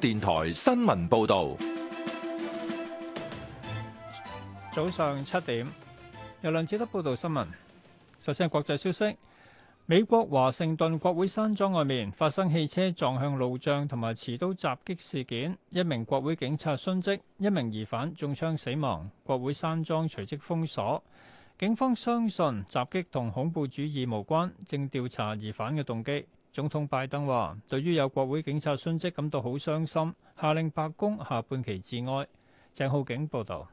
電台新聞報道，早上七點，由梁志德報道新聞。首先係國際消息，美國華盛頓國會山莊外面發生汽車撞向路障同埋持刀襲擊事件，一名國會警察殉職，一名疑犯中槍死亡，國會山莊隨即封鎖。警方相信襲擊同恐怖主義無關，正調查疑犯嘅動機。總統拜登話：對於有國會警察殉職感到好傷心，下令白宮下半旗致哀。鄭浩景報導。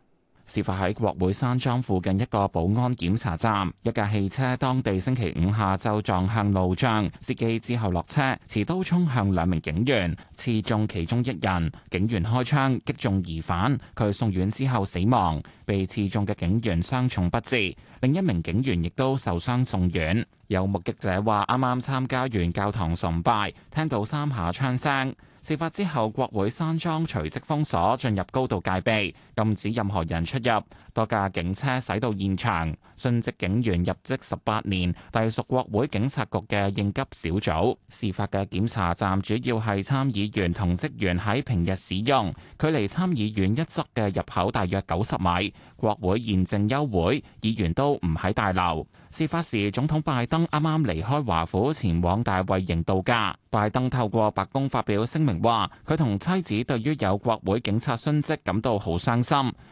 事發喺國會山莊附近一個保安檢查站，一架汽車當地星期五下晝撞向路障，司機之後落車，持刀衝向兩名警員，刺中其中一人。警員開槍擊中疑犯，佢送院之後死亡。被刺中嘅警員傷重不治，另一名警員亦都受傷送院。有目擊者話：啱啱參加完教堂崇拜，聽到三下槍聲。事發之後，國會山莊隨即封鎖，進入高度戒備，禁止任何人出入。多架警車駛到現場。殉職警員入職十八年，隸屬國會警察局嘅應急小組。事發嘅檢查站主要係參議員同職員喺平日使用，距離參議院一側嘅入口大約九十米。國會現正休會，議員都唔喺大樓。事發時，總統拜登啱啱離開華府，前往大衛營度假。拜登透過白宮發表聲明話，佢同妻子對於有國會警察殉職感到好傷心，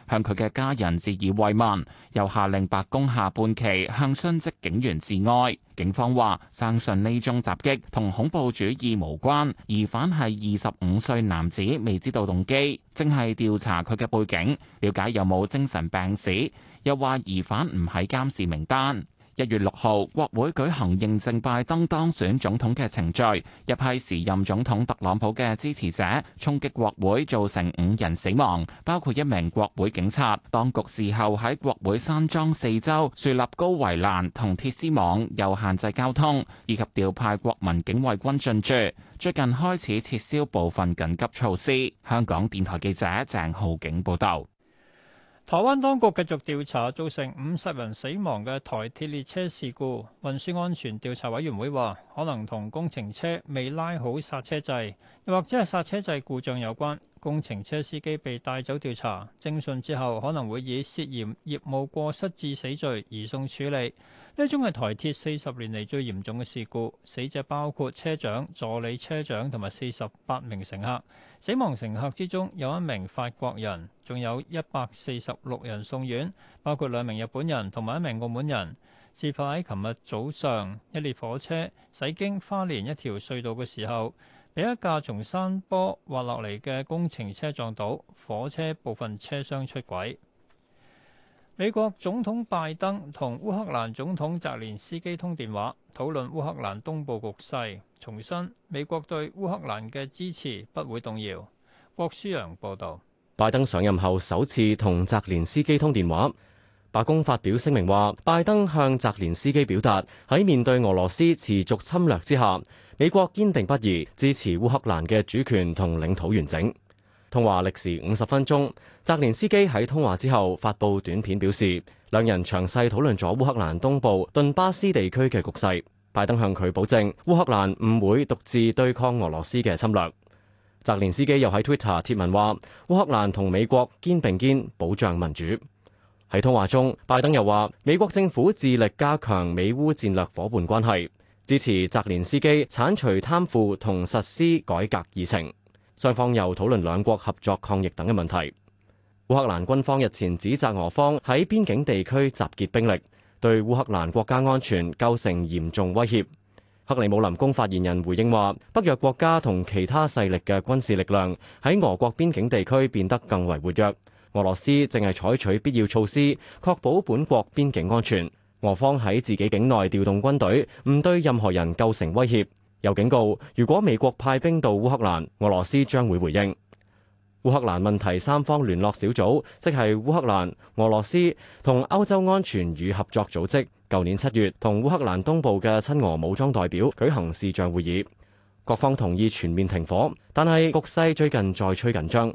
向佢嘅家人致以慰問，又下令白宮下半旗向殉職警員致哀。警方話，相信呢宗襲擊同恐怖主義無關，疑犯係二十五歲男子，未知道動機，正係調查佢嘅背景，了解有冇精神病史，又話疑犯唔喺監視名單。一月六號，國會舉行認證拜登當選總統嘅程序，一批時任總統特朗普嘅支持者衝擊國會，造成五人死亡，包括一名國會警察。當局事後喺國會山莊四周樹立高圍欄同鐵絲網，又限制交通，以及調派國民警衛軍進駐。最近開始撤銷部分緊急措施。香港電台記者鄭浩景報道。台灣當局繼續調查造成五十人死亡嘅台鐵列車事故，運輸安全調查委員會話，可能同工程車未拉好剎車掣，又或者係剎車掣故障有關。工程車司機被帶走調查，偵訊之後可能會以涉嫌業務過失致死罪移送處理。呢宗係台鐵四十年嚟最嚴重嘅事故，死者包括車長、助理車長同埋四十八名乘客。死亡乘客之中有一名法國人，仲有一百四十六人送院，包括兩名日本人同埋一名澳門人。事發喺琴日早上，一列火車駛經花蓮一條隧道嘅時候，俾一架從山坡滑落嚟嘅工程車撞到，火車部分車廂出軌。美國總統拜登同烏克蘭總統澤連斯基通電話，討論烏克蘭東部局勢，重申美國對烏克蘭嘅支持不會動搖。郭舒陽報導，拜登上任後首次同澤連斯基通電話。白宮發表聲明話，拜登向澤連斯基表達喺面對俄羅斯持續侵略之下，美國堅定不移支持烏克蘭嘅主權同領土完整。通話歷時五十分鐘，澤連斯基喺通話之後發布短片表示，兩人詳細討論咗烏克蘭東部頓巴斯地區嘅局勢。拜登向佢保證，烏克蘭唔會獨自對抗俄羅斯嘅侵略。澤連斯基又喺 Twitter 貼文話，烏克蘭同美國肩並肩保障民主。喺通話中，拜登又話美國政府致力加強美烏戰略伙伴關係，支持澤連斯基剷除貪腐同實施改革議程。雙方又討論兩國合作抗疫等嘅問題。烏克蘭軍方日前指責俄方喺邊境地區集結兵力，對烏克蘭國家安全構成嚴重威脅。克里姆林宮發言人回應話：北約國家同其他勢力嘅軍事力量喺俄國邊境地區變得更為活躍。俄羅斯正係採取必要措施，確保本國邊境安全。俄方喺自己境內調動軍隊，唔對任何人構成威脅。又警告，如果美國派兵到烏克蘭，俄羅斯將會回應。烏克蘭問題三方聯絡小組，即係烏克蘭、俄羅斯同歐洲安全與合作組織，舊年七月同烏克蘭東部嘅親俄武裝代表舉行視像會議，各方同意全面停火。但係局勢最近再趨緊張。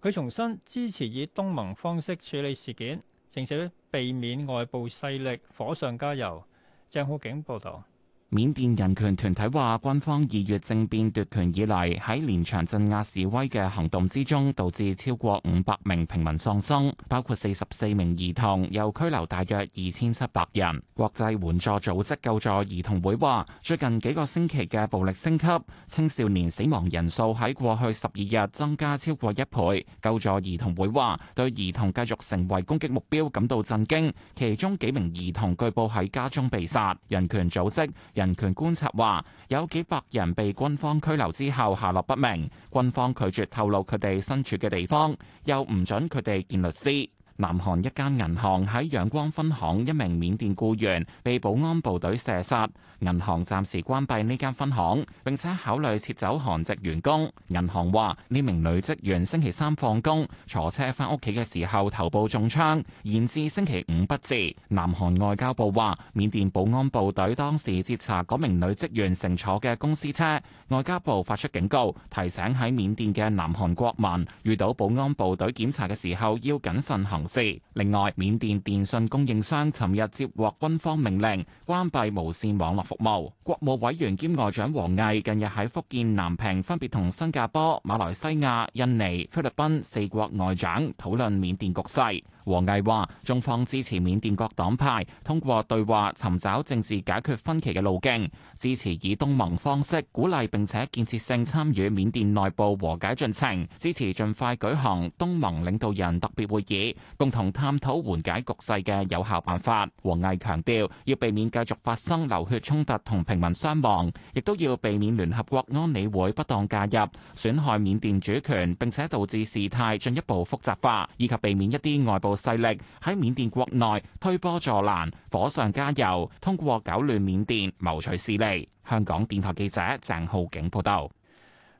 佢重申支持以東盟方式處理事件，並且避免外部勢力火上加油。鄭浩景報道。緬甸人權團體話，軍方二月政變奪權以嚟，喺連場鎮壓示威嘅行動之中，導致超過五百名平民喪生，包括四十四名兒童，又拘留大約二千七百人。國際援助組織救助兒童會話，最近幾個星期嘅暴力升級，青少年死亡人數喺過去十二日增加超過一倍。救助兒童會話，對兒童繼續成為攻擊目標感到震驚，其中幾名兒童據報喺家中被殺。人權組織。人權觀察話，有幾百人被軍方拘留之後下落不明，軍方拒絕透露佢哋身處嘅地方，又唔准佢哋見律師。南韓一間銀行喺仰光分行一名緬甸僱員被保安部隊射殺，銀行暫時關閉呢間分行，並且考慮撤走韓籍員工。銀行話：呢名女職員星期三放工，坐車返屋企嘅時候頭部中槍，延至星期五不治。南韓外交部話：緬甸保安部隊當時截查嗰名女職員乘坐嘅公司車。外交部發出警告，提醒喺緬甸嘅南韓國民遇到保安部隊檢查嘅時候要謹慎行。另外，緬甸電信供應商尋日接獲軍方命令，關閉無線網絡服務。國務委員兼外長王毅近日喺福建南平分別同新加坡、馬來西亞、印尼、菲律賓四國外長討論緬甸局勢。王毅話：中方支持緬甸各黨派通過對話尋找政治解決分歧嘅路徑，支持以東盟方式鼓勵並且建設性參與緬甸內部和解進程，支持盡快舉行東盟領導人特別會議，共同探討緩解局勢嘅有效辦法。王毅強調，要避免繼續發生流血衝突同平民傷亡，亦都要避免聯合國安理會不當介入，損害緬甸主權，並且導致事態進一步複雜化，以及避免一啲外部勢力喺緬甸國內推波助瀾、火上加油，通過搞亂緬甸謀取私利。香港電台記者鄭浩景報道。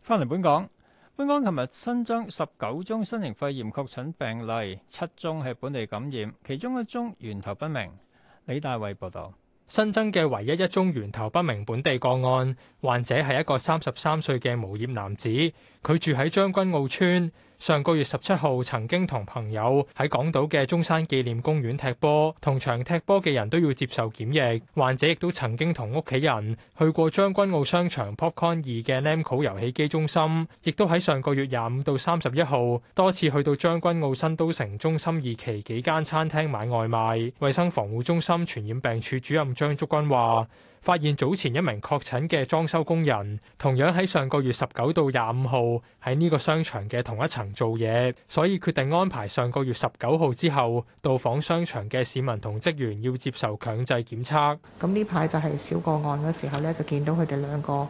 翻嚟本港，本港琴日新增十九宗新型肺炎確診病例，七宗係本地感染，其中一宗源頭不明。李大衛報道。新增嘅唯一一宗源頭不明本地個案，患者係一個三十三歲嘅無業男子，佢住喺將軍澳村。上個月十七號曾經同朋友喺港島嘅中山紀念公園踢波，同場踢波嘅人都要接受檢疫。患者亦都曾經同屋企人去過將軍澳商場 Popcorn 二嘅 Namco 遊戲機中心，亦都喺上個月廿五到三十一號多次去到將軍澳新都城中心二期幾間餐廳買外賣。衛生防護中心傳染病處主任張竹君話。發現早前一名確診嘅裝修工人，同樣喺上個月十九到廿五號喺呢個商場嘅同一層做嘢，所以決定安排上個月十九號之後到訪商場嘅市民同職員要接受強制檢測。咁呢排就係小個案嘅時候咧，就見到佢哋兩個誒、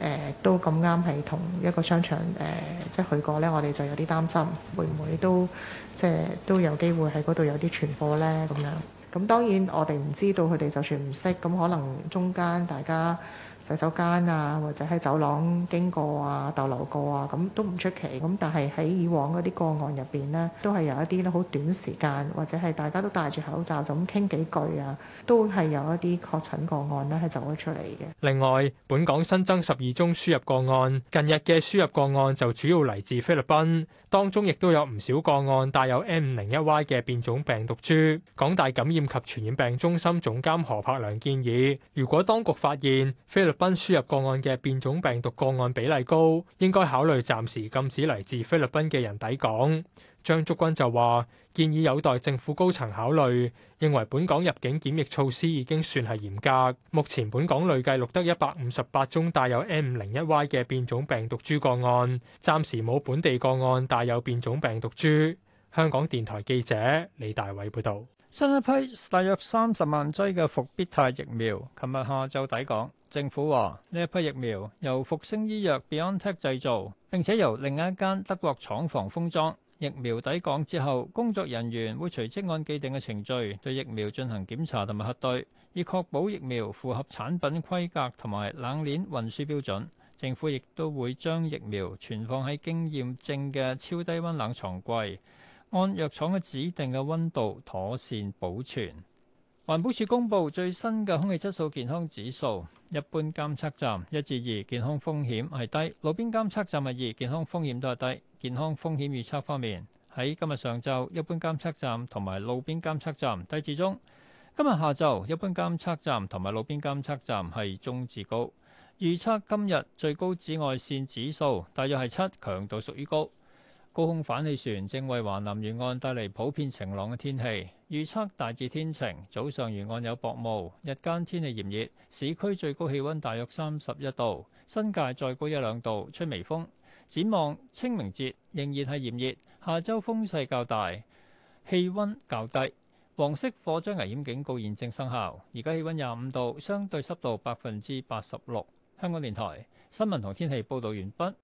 呃、都咁啱喺同一個商場誒、呃、即係去過咧，我哋就有啲擔心，會唔會都即係都有機會喺嗰度有啲傳播咧咁樣。咁當然，我哋唔知道佢哋就算唔識，咁可能中間大家。洗手間啊，或者喺走廊經過啊、逗留過啊，咁都唔出奇。咁但係喺以往嗰啲個案入邊呢，都係有一啲咧好短時間，或者係大家都戴住口罩就咁傾幾句啊，都係有一啲確診個案呢，係走咗出嚟嘅。另外，本港新增十二宗輸入個案，近日嘅輸入個案就主要嚟自菲律賓，當中亦都有唔少個案帶有 M 五零一 Y 嘅變種病毒株。港大感染及傳染病中心總監何柏良建議，如果當局發現菲律菲律賓輸入個案嘅變種病毒個案比例高，應該考慮暫時禁止嚟自菲律賓嘅人抵港。張竹君就話建議有待政府高層考慮，認為本港入境檢疫措施已經算係嚴格。目前本港累計錄得一百五十八宗帶有 M 零一 Y 嘅變種病毒株個案，暫時冇本地個案帶有變種病毒株。香港電台記者李大偉報道。新一批大約三十萬劑嘅復必泰疫苗，琴日下晝抵港。政府話呢一批疫苗由復星醫藥 BioNTech 製造，並且由另一間德國廠房封裝。疫苗抵港之後，工作人員會隨即按既定嘅程序對疫苗進行檢查同埋核對，以確保疫苗符合產品規格同埋冷鏈運輸標準。政府亦都會將疫苗存放喺經驗證嘅超低温冷藏櫃。按藥廠嘅指定嘅溫度妥善保存。環保署公布最新嘅空氣質素健康指數，一般監測站一至二，2，健康風險係低；路邊監測站係二，健康風險都係低。健康風險預測方面，喺今日上晝，一般監測站同埋路邊監測站低至中；今日下晝，一般監測站同埋路邊監測站係中至高。預測今日最高紫外線指數大約係七，強度屬於高。高空反氣旋正為華南沿岸帶嚟普遍晴朗嘅天氣。預測大致天晴，早上沿岸有薄霧，日間天氣炎熱，市區最高氣溫大約三十一度，新界再高一兩度，吹微風。展望清明節仍然係炎熱，下週風勢較大，氣溫較低。黃色火災危險警告現正生效，而家氣溫廿五度，相對濕度百分之八十六。香港電台新聞同天氣報道完畢。